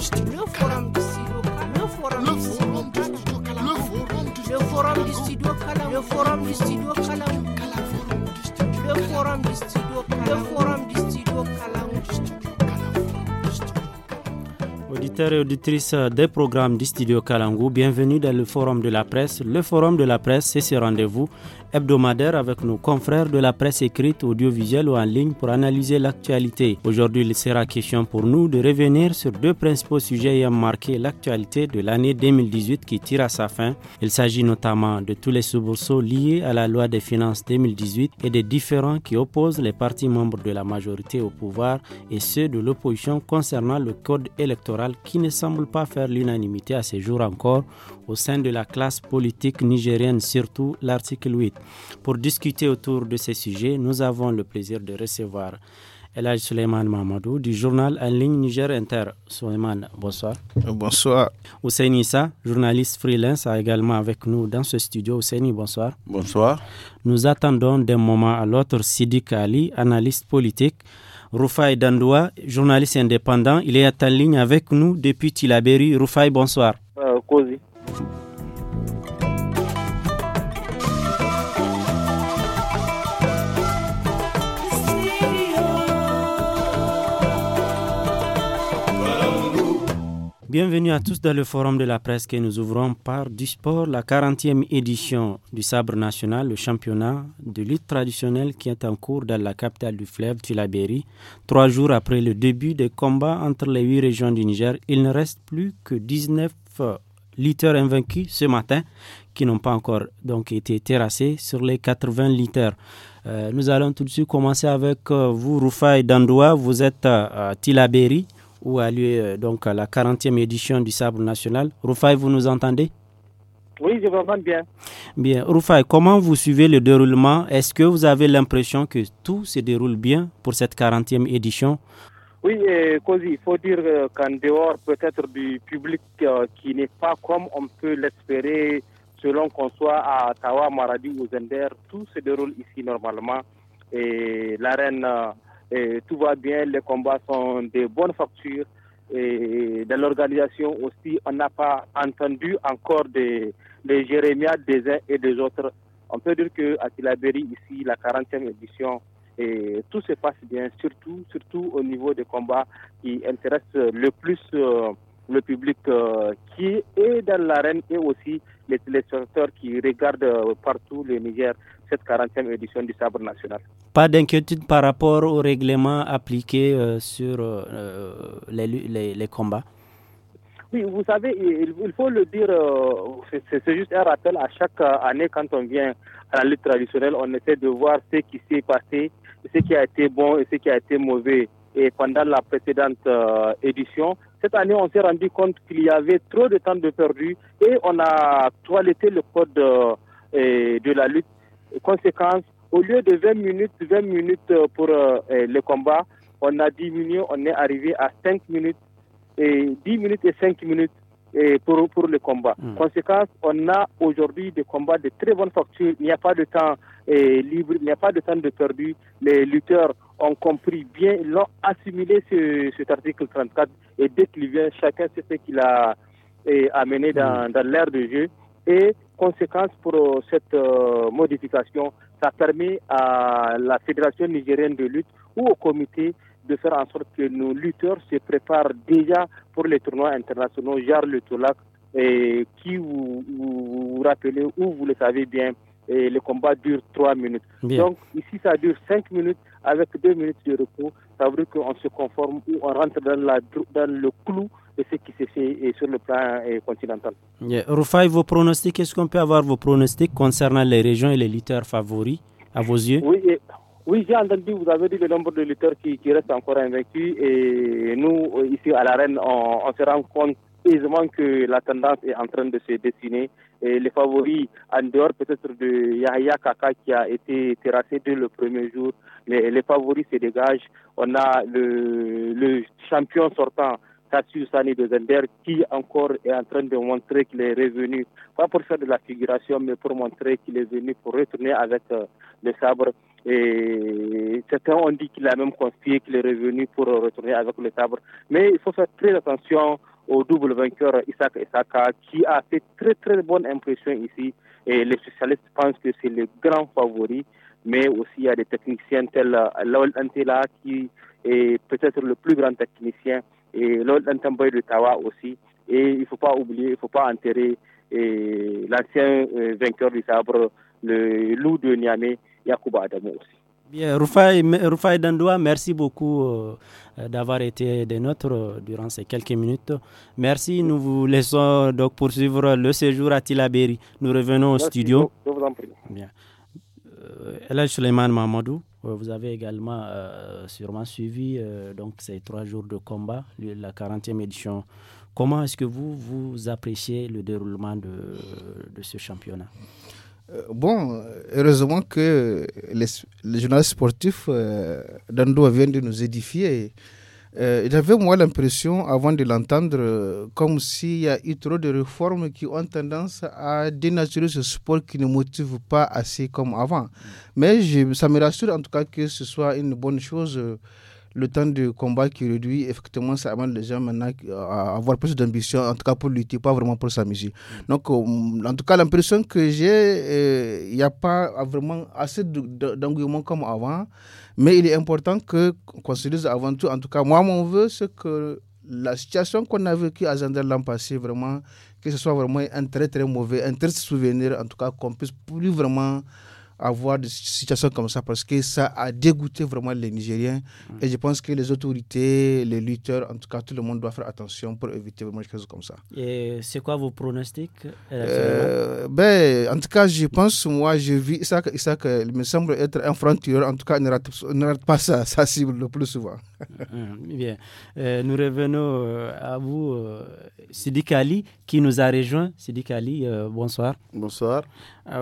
Le forum du studio Le forum du studio Le forum du studio Le forum du studio Le forum du studio Le forum du studio Auditeurs et auditrices des programmes du studio Kalangu, bienvenue dans le forum de la presse. Le forum de la presse, c'est ce rendez-vous hebdomadaire avec nos confrères de la presse écrite, audiovisuelle ou en ligne pour analyser l'actualité. Aujourd'hui, il sera question pour nous de revenir sur deux principaux sujets ayant marqué l'actualité de l'année 2018 qui tire à sa fin. Il s'agit notamment de tous les soubresauts liés à la loi des finances 2018 et des différents qui opposent les partis membres de la majorité au pouvoir et ceux de l'opposition concernant le code électoral qui ne semble pas faire l'unanimité à ces jours encore au sein de la classe politique nigérienne, surtout l'article 8. Pour discuter autour de ces sujets, nous avons le plaisir de recevoir Elhaj Suleiman Mamadou du journal en ligne Niger Inter. Suleiman, bonsoir. Euh, bonsoir. Hussein Issa, journaliste freelance, est également avec nous dans ce studio. Hussein, bonsoir. Bonsoir. Nous attendons d'un moment à l'autre Sidi Kali, analyste politique. Rufai Dandoua, journaliste indépendant, il est en ligne avec nous depuis Tilaberi. Rufai, bonsoir. Euh, Bienvenue à tous dans le forum de la presse que nous ouvrons par du sport, la 40e édition du Sabre national, le championnat de lutte traditionnelle qui est en cours dans la capitale du fleuve Tulaberi. Trois jours après le début des combats entre les huit régions du Niger, il ne reste plus que 19 Litres invaincus ce matin qui n'ont pas encore donc été terrassés sur les 80 litres. Euh, nous allons tout de suite commencer avec euh, vous, Rufai Dandoua. Vous êtes à, euh, à Tilaberi où a lieu donc la 40e édition du sabre national. Rufai, vous nous entendez oui, je vous entends bien. Bien. comment vous suivez le déroulement Est-ce que vous avez l'impression que tout se déroule bien pour cette 40e édition oui, Kosi, euh, il faut dire euh, qu'en dehors peut-être du public euh, qui n'est pas comme on peut l'espérer, selon qu'on soit à Tawa, Maradi ou Zender, tout se déroule ici normalement. Et l'arène, tout va bien, les combats sont de bonnes factures. Et dans l'organisation aussi, on n'a pas entendu encore des, des des uns et des autres. On peut dire qu'à Tilaberi, ici, la 40e édition, et tout se passe bien, surtout, surtout au niveau des combats qui intéressent le plus euh, le public euh, qui est dans l'arène et aussi les téléspectateurs qui regardent euh, partout le Niger cette 40e édition du Sabre national. Pas d'inquiétude par rapport aux règlement appliqué sur les combats oui, vous savez, il, faut le dire, euh, c'est juste un rappel à chaque euh, année quand on vient à la lutte traditionnelle, on essaie de voir ce qui s'est passé, ce qui a été bon et ce qui a été mauvais. Et pendant la précédente euh, édition, cette année, on s'est rendu compte qu'il y avait trop de temps de perdu et on a toiletté le code de la lutte. Conséquence, au lieu de 20 minutes, 20 minutes pour le combat, on a diminué, on est arrivé à 5 minutes et 10 minutes et 5 minutes pour, pour le combat. Hmm. Conséquence, on a aujourd'hui des combats de très bonne facture. Il n'y a pas de temps libre, il n'y a pas de temps de perdu. Les lutteurs ont compris bien, l'ont assimilé cet article 34 et dès qu'il vient, chacun sait ce qu'il a amené hmm. dans, l'ère de jeu. Et conséquence pour euh, cette euh, modification, ça permet à la Fédération nigérienne de lutte ou au comité de faire en sorte que nos lutteurs se préparent déjà pour les tournois internationaux, genre le Tolac, et qui vous, vous, rappelez ou vous le savez bien, et le combat dure trois minutes. Donc ici, ça dure cinq minutes avec deux minutes de repos. Ça veut dire qu'on se conforme ou on rentre dans, la, dans le clou de ce qui se fait sur le plan continental. Yeah. Rufai, vos pronostics, est-ce qu'on peut avoir vos pronostics concernant les régions et les lutteurs favoris à vos yeux Oui, oui, j'ai entendu, vous avez dit le nombre de lutteurs qui, restent encore invaincus et nous, euh, ici à l'arène, on, se rend compte aisément que la tendance est en train de se dessiner. Et les favoris, en dehors peut-être de Yahya Kaka qui a été terrassé dès le premier jour, mais les favoris se dégagent. On a le, champion sortant, Katsu Sani de Zender, qui encore est en train de montrer qu'il est revenu, pas pour faire de la figuration, mais pour montrer qu'il est venu pour retourner avec euh, le sabre. Et certains ont dit qu'il a même confié qu'il est revenu pour retourner avec le sabre. Mais il faut faire très attention au double vainqueur Isaac Isaka qui a fait très très bonne impression ici. Et les socialistes pensent que c'est le grand favori. Mais aussi il y a des techniciens tels euh, l'Ol Antela qui est peut-être le plus grand technicien et Lol Antemboy de Tawa aussi. Et il ne faut pas oublier, il ne faut pas enterrer l'ancien euh, vainqueur du sabre, le loup de Niamey. Yakuba Bien, Rufai, Dandoua, merci beaucoup euh, d'avoir été des nôtres durant ces quelques minutes. Merci, nous vous laissons donc poursuivre le séjour à Tilaberi. Nous revenons au studio. Je vous Bien. Euh, Mamadou, euh, vous avez également sûrement suivi donc ces trois jours de combat, la 40e édition. Comment est-ce que vous, vous appréciez le déroulement de ce championnat euh, bon, heureusement que les, journal sportif sportifs euh, d'Andoua viennent de nous édifier. Euh, j'avais moi l'impression, avant de l'entendre, comme s'il y a eu trop de réformes qui ont tendance à dénaturer ce sport qui ne motive pas assez comme avant. Mm. Mais ça me rassure en tout cas que ce soit une bonne chose. Euh, le temps de combat qui réduit, effectivement, ça amène les gens maintenant à avoir plus d'ambition, en tout cas pour lutter, pas vraiment pour s'amuser. Mm. Donc, euh, en tout cas, l'impression que j'ai, euh, il n'y a pas vraiment assez d'engouement comme avant, mais il est important que qu'on se dise avant tout, en tout cas, moi, mon vœu, c'est que la situation qu'on a vécue à Zander l'an passé, vraiment, que ce soit vraiment un très, très mauvais, un très souvenir, en tout cas, qu'on puisse plus vraiment avoir des situations comme ça parce que ça a dégoûté vraiment les Nigériens. Mm. Et je pense que les autorités, les lutteurs, en tout cas tout le monde doit faire attention pour éviter vraiment des choses comme ça. Et c'est quoi vos pronostics euh, euh, ben, En tout cas, je pense, moi, je vis ça, ça il me semble être un frontier, En tout cas, ne rate, pas ça, ça cible le plus souvent. Mm, bien. Euh, nous revenons à vous, Sidi Kali, qui nous a rejoint. Sidi Kali, bonsoir. Bonsoir.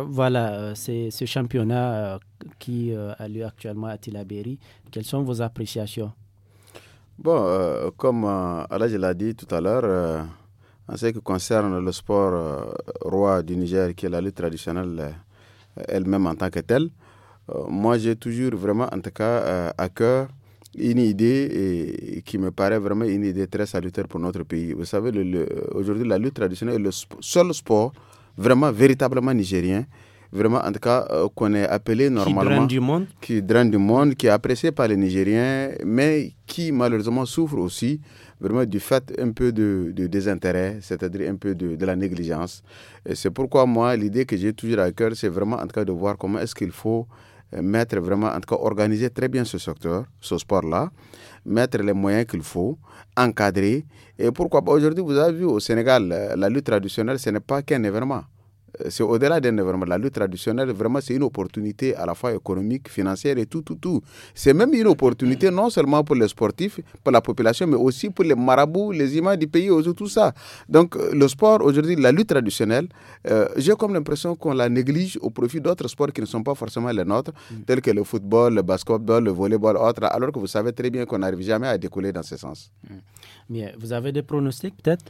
voilà, c'est ce champion championnat euh, qui euh, a lieu actuellement à Tilaberi. Quelles sont vos appréciations Bon, euh, comme Alaj l'a dit tout à l'heure, en ce qui concerne le sport roi du Niger, qui est la lutte traditionnelle elle-même en tant que telle, moi j'ai toujours vraiment, en tout cas, à cœur une idée qui me paraît vraiment une idée très salutaire pour notre pays. Vous savez, aujourd'hui, la lutte traditionnelle est le seul sport vraiment véritablement nigérien vraiment, en tout cas, euh, qu'on est appelé normalement. Qui draine du monde. Qui du monde, qui est apprécié par les Nigériens, mais qui malheureusement souffre aussi vraiment du fait un peu de, désintérêt, c'est-à-dire un peu de, la négligence. c'est pourquoi moi, l'idée que j'ai toujours à cœur, c'est vraiment en tout cas de voir comment est-ce qu'il faut euh, mettre vraiment, en tout cas organiser très bien ce secteur, ce sport-là, mettre les moyens qu'il faut, encadrer. Et pourquoi pas, aujourd'hui, vous avez vu au Sénégal, la lutte traditionnelle, ce n'est pas qu'un événement. Euh, c'est au-delà d'un événement. La lutte traditionnelle, vraiment, c'est une opportunité à la fois économique, financière et tout, tout, tout. C'est même une opportunité mm. non seulement pour les sportifs, pour la population, mais aussi pour les marabouts, les imams du pays, tout ça. Donc, euh, le sport, aujourd'hui, la lutte traditionnelle, euh, j'ai comme l'impression qu'on la néglige au profit d'autres sports qui ne sont pas forcément les nôtres, mm. tels que le football, le basketball, le volleyball, autres, alors que vous savez très bien qu'on n'arrive jamais à décoller dans ce sens. mais mm. Vous avez des pronostics, peut-être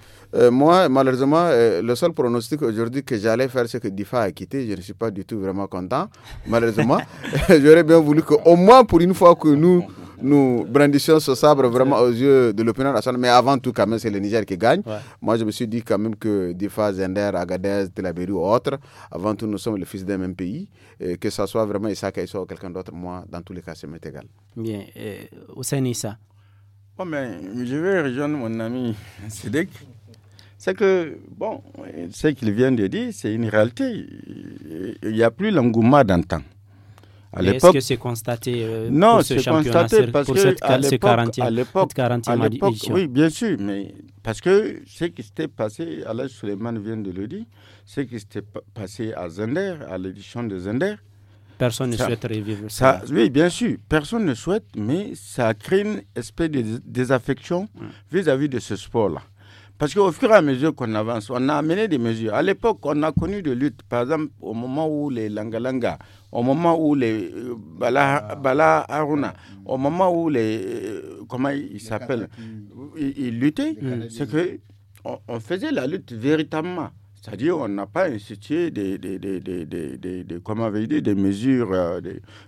Moi, malheureusement, le seul pronostic aujourd'hui que j'allais faire ce que DIFA a quitté, je ne suis pas du tout vraiment content, malheureusement. J'aurais bien voulu qu'au moins pour une fois que nous, nous brandissions ce sabre vraiment aux yeux de l'opinion nationale, mais avant tout, quand même, c'est le Niger qui gagne. Moi, je me suis dit quand même que DIFA, Zender, Agadez, Telabéry ou autres, avant tout, nous sommes les fils d'un même pays, que ça soit vraiment Issa Kaïssa ou quelqu'un d'autre, moi, dans tous les cas, c'est m'est égal. Bien. Euh, Issa. mais je vais rejoindre mon ami Sédek c'est que, bon, ce qu'il vient de dire, c'est une réalité. Il n'y a plus l'engouement d'antan. Est-ce que c'est constaté euh, pour ce championnat, constaté parce que cette, à l'époque, oui, bien sûr, mais parce que ce qui s'était passé, Alain Suleiman vient de le dire, ce qui s'était passé à Zender, à l'édition de Zender, personne ne souhaite revivre ça. Oui, bien sûr, personne ne souhaite, mais ça crée une espèce de désaffection vis à -vis de ce sport-là. Parce qu'au fur et à mesure qu'on avance, on a amené des mesures. À l'époque, on a connu des luttes. Par exemple, au moment où les Langalanga, au moment où les euh, Bala, Aruna, au moment où les. Euh, comment ils s'appellent Ils, luttaient. C'est qu'on faisait la lutte véritablement. C'est-à-dire qu'on n'a pas institué des, des, avait des mesures, euh,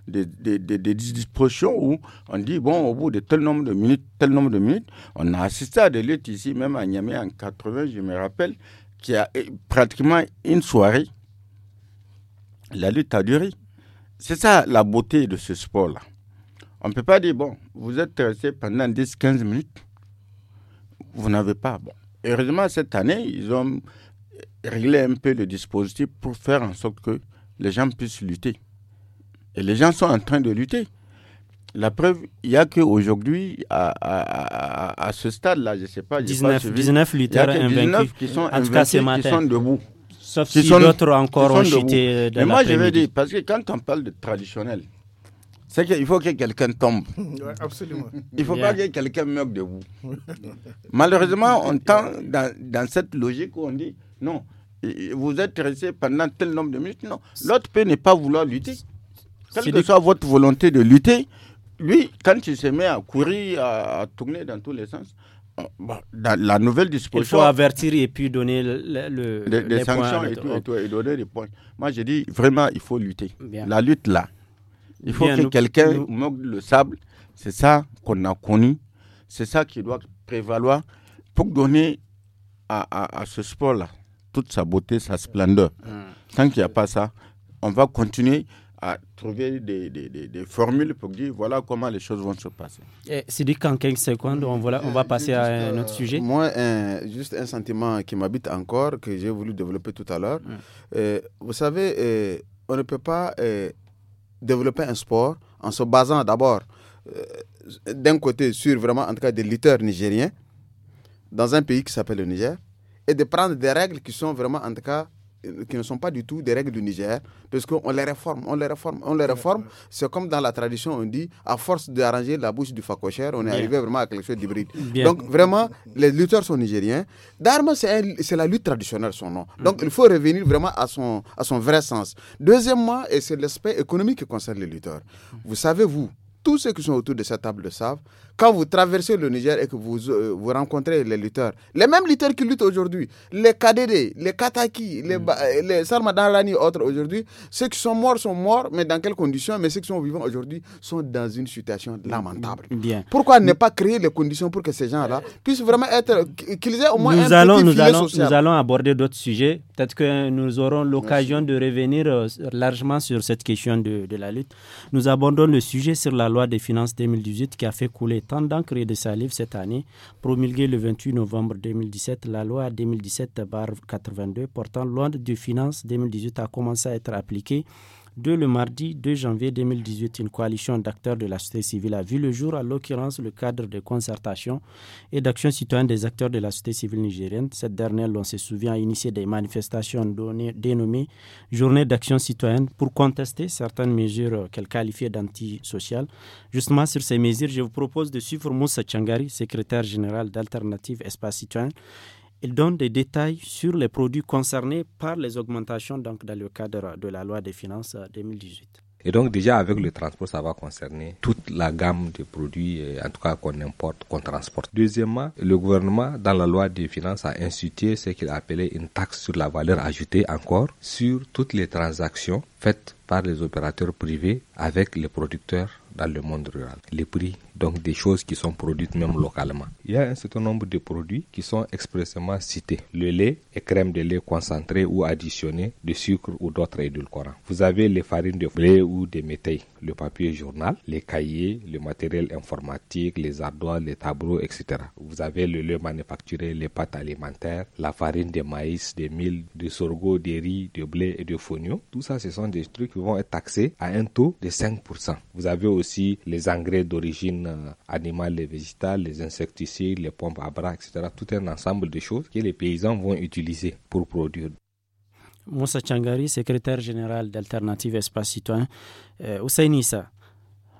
des, des, dispositions où on dit, bon, au bout de tel nombre de minutes, tel nombre de minutes, on a assisté à des luttes ici, même à Niamey en 80, je me rappelle, qui a pratiquement une soirée. La lutte a duré. C'est ça la beauté de ce sport-là. On ne peut pas dire, bon, vous êtes resté pendant 10-15 minutes, vous n'avez pas. Heureusement, cette année, ils ont régler un peu le dispositif pour faire en sorte que les gens puissent lutter. Et les gens sont en train de lutter. La preuve, il n'y a qu'aujourd'hui, à, à, à, à, ce stade-là, je ne sais pas. 19, pas 19 lutteurs invaincus. qui sont, en sont debout. Sauf si d'autres encore ont chuté Mais moi, je veux dire, parce que quand on parle de traditionnel, c'est qu'il faut que quelqu'un tombe. Il ne faut pas que quelqu'un meure debout. Malheureusement, on tend dans, dans cette logique où on dit non. Vous êtes resté pendant tel nombre de minutes. Non. L'autre peut ne pas vouloir lutter. Quelle que soit votre volonté de lutter, lui, quand il se met à courir, à, tourner dans tous les sens, euh, bah, la, nouvelle disposition. Il faut avertir et puis donner le, des, sanctions et, tout, et, donner des points. Moi, je dis vraiment, il faut lutter. La lutte là. Il faut que quelqu'un moque le sable. C'est ça qu'on a connu. C'est ça qui doit prévaloir pour donner à ce sport là toute sa beauté, sa splendeur. Hmm. Tant qu'il n'y a pas ça, on va continuer à trouver des, formules pour dire voilà comment les choses vont se passer. C'est eh, dit qu'en 15 secondes, on, voilà, on va eh, passer à un autre euh, sujet. moi, juste un sentiment qui m'habite encore, que j'ai voulu développer tout à l'heure. Hmm. Eh, vous savez, on ne peut pas développer un sport en se basant d'abord, d'un côté, sur vraiment, en tout cas, des lutteurs nigériens dans un pays qui s'appelle le Niger et de prendre des règles qui sont vraiment, en tout cas, euh, qui ne sont pas du tout des règles du Niger, parce qu'on les réforme, on les réforme, on les réforme. C'est comme dans la tradition, on dit, à force d'arranger la bouche du Fakocher, on est arrivé vraiment à quelque chose d'hybride. Donc vraiment, les lutteurs sont nigériens. Dharma, c'est la lutte traditionnelle, son nom. Donc mhm. il faut revenir vraiment à son, à son vrai sens. Deuxièmement, et c'est l'aspect économique qui concerne les lutteurs. Mhm. Vous savez, vous, tous ceux qui sont autour de cette table le savent, quand vous traversez le Niger et que vous, euh, vous rencontrez les lutteurs, les mêmes lutteurs qui luttent aujourd'hui, les KDD, les Kataki, les, mm. et euh, autres aujourd'hui, ceux qui sont morts sont morts, mais dans quelles conditions Mais ceux qui sont vivants aujourd'hui sont dans une situation lamentable. Bien. Pourquoi ne pas créer les conditions pour que ces gens-là puissent vraiment être, qu'ils aient au moins nous allons, nous allons, Nous allons aborder d'autres sujets. Peut-être que nous aurons l'occasion de revenir euh, largement sur cette question de, de la lutte. Nous abordons le sujet sur la loi des finances 2018 qui a fait couler d'ancrer de sa livre cette année, promulguée le 28 novembre 2017, la loi 2017-82 portant loi de finances 2018 a commencé à être appliquée Dès le mardi 2 janvier 2018, une coalition d'acteurs de la société civile a vu le jour, à l'occurrence le cadre de concertation et d'action citoyenne des acteurs de la société civile nigérienne. Cette dernière, l'on se souvient, a initié des manifestations dénommées Journée d'action citoyenne pour contester certaines mesures qu'elle qualifiait d'antisociales. Justement, sur ces mesures, je vous propose de suivre Moussa Changari, secrétaire général d'Alternative Espace Citoyen. Il donne des détails sur les produits concernés par les augmentations donc, dans le cadre de la loi des finances 2018. Euh, Et donc déjà avec le transport, ça va concerner toute la gamme de produits, euh, en tout cas qu'on importe, qu'on transporte. Deuxièmement, le gouvernement, dans la loi des finances, a institué ce qu'il appelait une taxe sur la valeur ajoutée encore sur toutes les transactions faites par les opérateurs privés avec les producteurs dans le monde rural. Les prix, donc des choses qui sont produites même localement. Il y a un certain nombre de produits qui sont expressément cités. Le lait et crème de lait concentré ou additionné de sucre ou d'autres édulcorants. Vous avez les farines de blé ou de métailles, le papier journal, les cahiers, le matériel informatique, les ardoises, les tableaux, etc. Vous avez le lait manufacturé, les pâtes alimentaires, la farine de maïs, de mil, de sorgho, de riz, de blé et de fonio. Tout ça, ce sont des trucs vont être taxés à un taux de 5%. Vous avez aussi les engrais d'origine euh, animale et végétale, les insecticides, les pompes à bras, etc. Tout un ensemble de choses que les paysans vont utiliser pour produire. Moussa Changari, secrétaire général d'Alternative Espace Citoyen. Euh,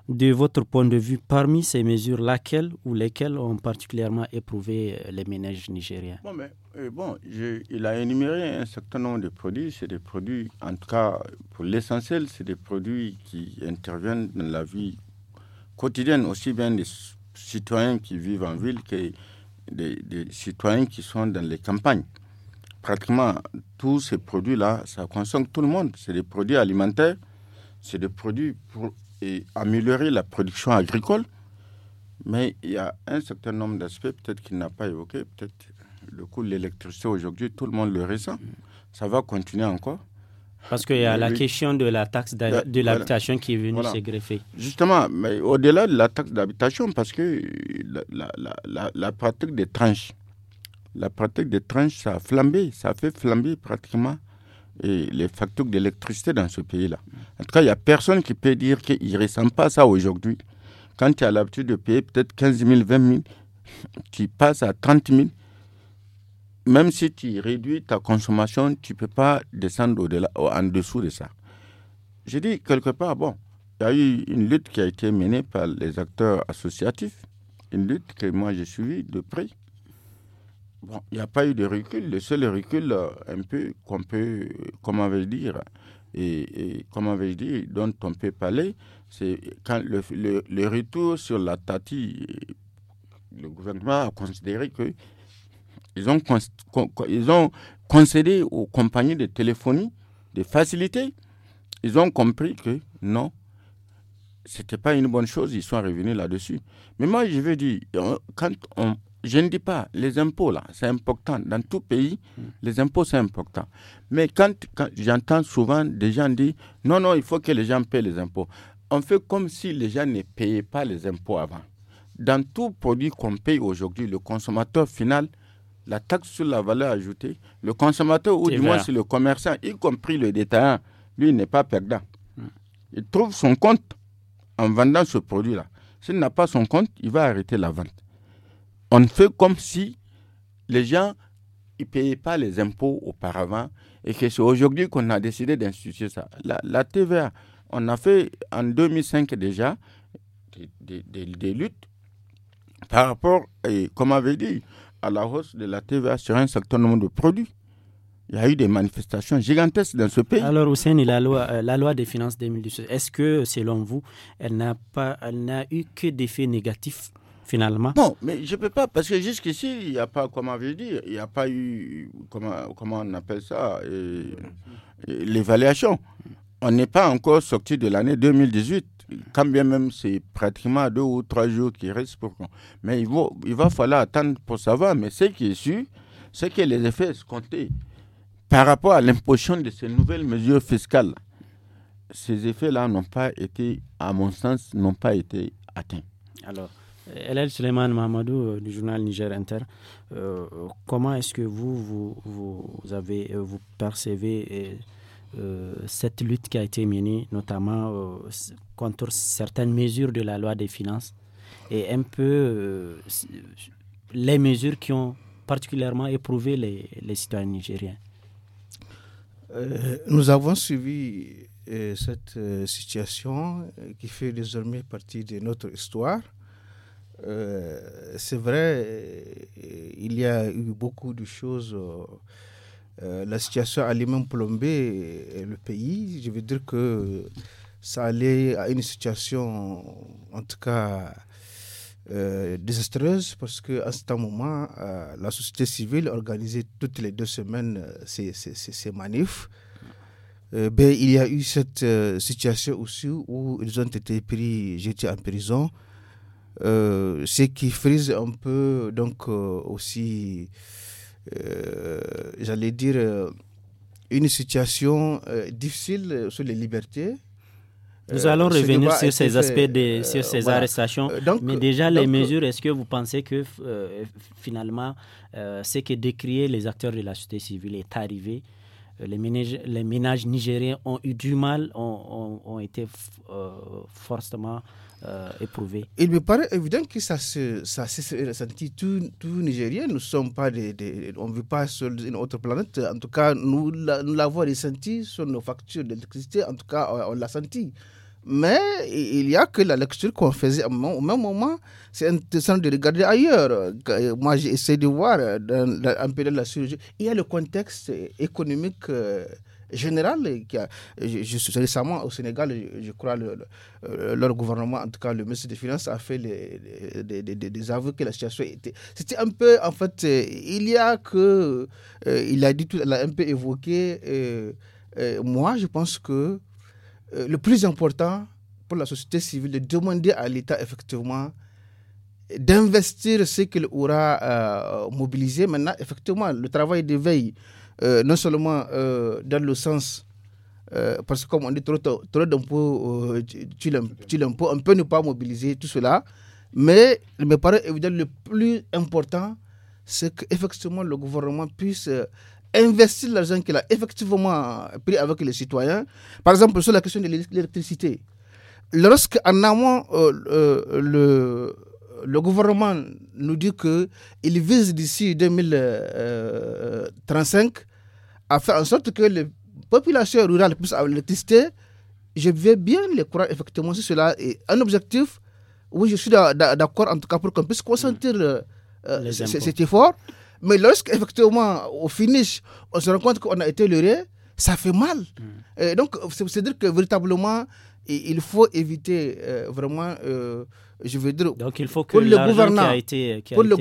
de votre point de vue, parmi ces mesures, laquelle ou lesquelles ont particulièrement éprouvé euh, les ménages nigériens Bon, mais, euh, bon il a énuméré un certain nombre de produits. C'est des produits, en tout cas, pour l'essentiel, c'est des produits qui interviennent dans la vie quotidienne, aussi bien des citoyens qui vivent en ville que des, des citoyens qui sont dans les campagnes. Pratiquement tous ces produits-là, ça consomme tout le monde. C'est des produits alimentaires, c'est des produits pour et améliorer la production agricole, mais il y a un certain nombre d'aspects peut-être qu'il n'a pas évoqué. Peut-être le coût de l'électricité aujourd'hui, tout le monde le ressent. Ça va continuer encore. Parce qu'il y a la question de la taxe bah, de l'habitation qui est venue se greffer. Justement, mais au-delà de la taxe d'habitation, parce que la, la, pratique des tranches, la pratique des tranches, ça a flambé, ça a fait flamber pratiquement et les factures d'électricité dans ce pays-là. En tout cas, il n'y a personne qui peut dire qu'il ne ressent pas ça aujourd'hui. Quand tu as l'habitude de payer peut-être 15 000, 20 000, tu passes à 30 000. Même si tu réduis ta consommation, tu ne peux pas descendre au -delà, en dessous de ça. J'ai dit quelque part, bon, il y a eu une lutte qui a été menée par les acteurs associatifs, une lutte que moi j'ai suivie de près. Bon, il n'y a pas eu de recul. Le seul recul, euh, un peu, qu'on peut, comment vais-je dire, et, comment vais-je dire, dont on peut parler, c'est quand le, retour sur la Tati, le gouvernement a considéré que ils ont, ils ont concédé aux compagnies de téléphonie des facilités. Ils ont compris que non, c'était pas une bonne chose. Ils sont revenus là-dessus. Mais moi, je veux dire, quand on, je ne dis pas les impôts là, c'est important. Dans tout pays, les impôts c'est important. Mais quand, j'entends souvent des gens dire non, non, il faut que les gens payent les impôts. On fait comme si les gens ne payaient pas les impôts avant. Dans tout produit qu'on paye aujourd'hui, le consommateur final, la taxe sur la valeur ajoutée, le consommateur ou du moins le commerçant, y compris le détaillant, lui n'est pas perdant. Hmm. Il trouve son compte en vendant ce produit là. S'il n'a pas son compte, il va arrêter la vente on fait comme si les gens ne payaient pas les impôts auparavant et que c'est aujourd'hui qu'on a décidé d'instituer ça. La, la, TVA, on a fait en 2005 déjà des, luttes par rapport, et comme avait dit, à la hausse de la TVA sur un certain nombre de produits. Il y a eu des manifestations gigantesques dans ce pays. Alors, Hussein, la loi, euh, la loi des finances 2018, est-ce que, selon vous, elle n'a eu que des faits négatifs finalement Bon, mais je ne peux pas, parce que jusqu'ici, il n'y a pas, comment je dire, il n'y a pas eu, comment, comment on appelle ça, euh, euh, l'évaluation. On n'est pas encore sorti de l'année 2018 quand bien même c'est pratiquement deux ou trois jours qui restent pour Mais il va, il va falloir attendre pour savoir. Mais ce qui est sûr, c'est que les effets escomptés par rapport à l'imposition de ces nouvelles mesures fiscales, ces effets-là n'ont pas été, à mon sens, n'ont pas été atteints. Alors, Elal Suleiman Mamadou euh, du journal Niger Inter, euh, comment est-ce que vous, avez, euh, vous percevez cette lutte qui a été menée, notamment contre certaines mesures de la loi des finances et un peu les mesures qui ont particulièrement éprouvé les, les citoyens nigériens Nous avons suivi cette situation qui fait désormais partie de notre histoire. Euh, c'est vrai, euh, il y a eu beaucoup de choses. Euh, la situation allait même plomber le pays. Je veux dire que ça allait à une situation, en tout cas, désastreuse, parce qu'à un certain moment, la société civile organisait toutes les deux semaines ces, ces manifs. Ben, il y a eu cette situation aussi où ils ont été pris, jetés en prison. Euh, ce qui frise un peu, donc euh, aussi, euh, j'allais dire, une situation difficile sur les libertés. Nous allons revenir sur ces aspects, de, sur ces arrestations. Mais déjà, les mesures, est-ce que vous pensez que finalement, ce que décriaient les acteurs de la société civile est arrivé les ménages, les ménages nigériens ont eu du mal, ont, ont été forcément euh, éprouvé Il me paraît évident que ça se, ça se tout, tout Nigérien. Nous sommes pas des, on ne vit pas sur une autre planète. En tout cas, nous, l'avons ressenti sur nos factures d'électricité. En tout cas, on, l'a senti. Mais il y a que la lecture qu'on faisait au même moment, c'est intéressant de regarder ailleurs. Moi, j'ai essayé de voir un peu de la chirurgie. Il y a le contexte économique. Euh, Général, Qui a, je, récemment, au Sénégal, je, crois, euh, leur gouvernement, en tout cas le ministre des Finances, a fait les, des aveux que la situation était. C'était un peu, en fait, euh, il y a que. Euh, il a dit tout, il a un peu évoqué. moi, je pense que le plus important pour la société civile, de demander à l'État, effectivement, d'investir ce qu'il aura mobilisé. Maintenant, effectivement, le travail d'éveil euh, non seulement euh, dans le sens, euh, parce que comme on dit trop, trop d'impôts, tu, tu on peut ne pas mobiliser tout cela, mais il me paraît évident le plus important, c'est qu'effectivement le gouvernement puisse investir l'argent qu'il a effectivement pris avec les citoyens. Par exemple, sur la question de l'électricité, lorsqu'en amont, le, le gouvernement nous dit qu'il vise d'ici 2035 euh, euh, à faire en sorte que les populations rurales puissent avoir tester. je vais bien les croire effectivement si cela est un objectif. Oui, je suis d'accord en tout cas pour qu'on puisse consentir mm. euh, cet effort. Mais lorsqu'effectivement, au finish, on se rend compte qu'on a été leurré, ça fait mal. Mm. Et donc, c'est-à-dire que véritablement, il faut éviter vraiment je veux dire, Donc il faut que pour le gouvernement a été, pour le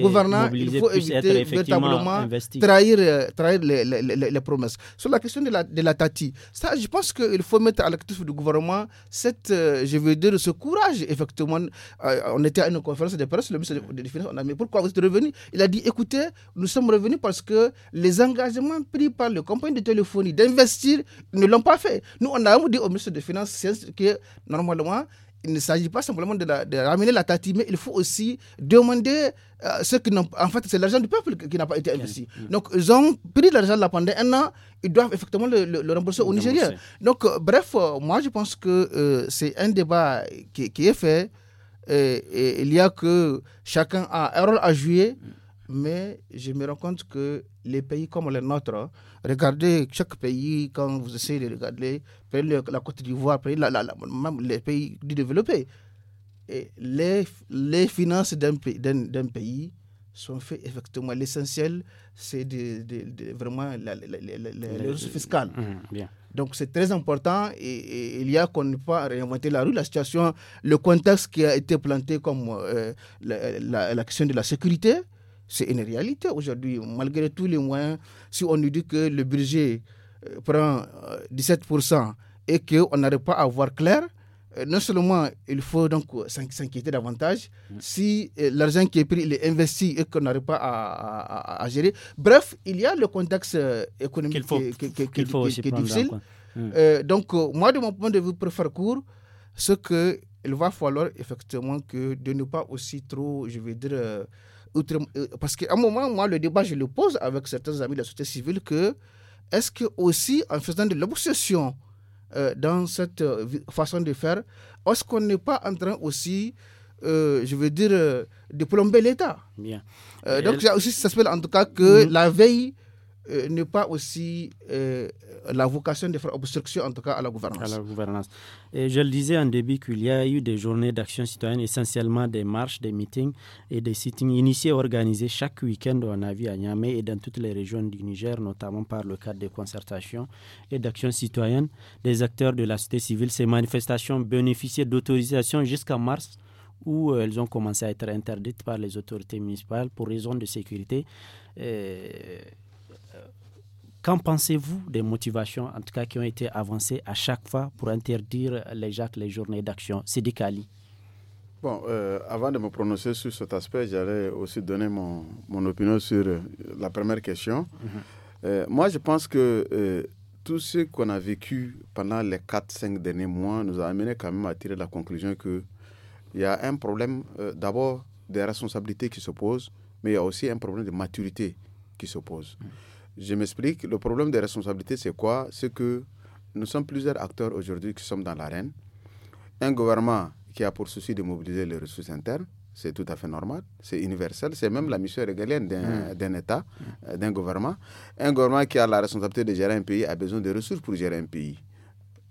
il faut éviter véritablement de trahir, euh, trahir les, promesses. Sur la question de la, de la Tati, ça, je pense qu'il faut mettre à l'actif du gouvernement cette, euh, je veux dire, ce courage. Effectivement, euh, on était à une conférence de presse, le ministre des Finances, on a dit pourquoi vous êtes revenu. Il a dit, écoutez, nous sommes revenus parce que les engagements pris par les compagnies de téléphonie d'investir ne l'ont pas fait. Nous, on a dit au ministre des Finances que normalement, il ne s'agit pas simplement de, ramener la tati, mais il faut aussi demander euh, ce qui En fait, c'est l'argent du peuple qui n'a pas été investi. Donc, ils ont pris l'argent la pendant un an, ils doivent effectivement le, rembourser au Nigeria. Donc, euh, bref, euh, moi, je pense que c'est un débat qui, est fait. Et, il y a que chacun a un rôle à jouer. Mm mais je me rends compte que les pays comme le nôtre, regardez chaque pays, quand vous essayez de regarder, la Côte d'Ivoire, même les pays développés, et les, finances d'un pays sont faites effectivement. L'essentiel, c'est vraiment les ressources fiscales. Mmh, mmh, Donc c'est très important et, il y a qu'on ne peut pas réinventer la rue, la situation, le contexte qui a été planté comme euh, la, question de la sécurité. C'est une réalité aujourd'hui. Malgré tous les moyens, si on nous dit que le budget euh, prend 17% euh, et qu'on n'arrive pas à voir clair, euh, non seulement il faut donc s'inquiéter davantage, mm. si l'argent qui est pris il est investi et qu'on n'arrive pas à, gérer. Bref, il y a le contexte économique qui, est difficile. Mm. donc, moi, de mon point de vue, préfère court, ce qu'il va falloir effectivement que de ne pas aussi trop, je vais dire, euh, parce qu'à un moment, moi, le débat, je le pose avec certains amis de la société civile que est-ce que aussi, en faisant de l'obsession euh, dans cette euh, façon de faire, est-ce qu'on n'est pas en train aussi, je veux dire, de plomber l'État Bien. donc, ça aussi, s'appelle en tout cas que mm-hmm. la veille euh, n'est pas aussi euh, la vocation de faire obstruction, en tout cas, à la gouvernance. je le disais en début qu'il y a eu des journées d'action citoyenne, essentiellement des marches, des meetings et des sittings initiés, organisés chaque week-end, on a à Niamey et dans toutes les régions du Niger, notamment par le cadre des concertations et d'action citoyenne des acteurs de la société civile. Ces manifestations bénéficiaient d'autorisation jusqu'en mars où euh, elles ont commencé à être interdites par les autorités municipales pour raison de sécurité. Qu'en pensez-vous des motivations, en tout cas, qui ont été avancées à chaque fois pour interdire les Jacques les journées d'action syndicales Bon, euh, avant de me prononcer sur cet aspect, j'allais aussi donner mon, mon, opinion sur euh, la première question. Mhm. Euh, moi, je pense que tout ce qu'on a vécu pendant les 4-5 derniers mois nous a amené quand même à tirer la conclusion qu'il y a un problème d'abord des responsabilités qui se posent, mais il y a aussi un problème de maturité qui se pose. Mhm. Je m'explique. Le problème des responsabilités, c'est quoi C'est que nous sommes plusieurs acteurs aujourd'hui qui sommes dans l'arène. Un gouvernement qui a pour souci de mobiliser les ressources internes, c'est tout à fait normal, c'est universel, c'est même la mission régalienne d'un hmm. État, hmm. euh, d'un gouvernement. Un gouvernement qui a la responsabilité de gérer un pays a besoin de ressources pour gérer un pays.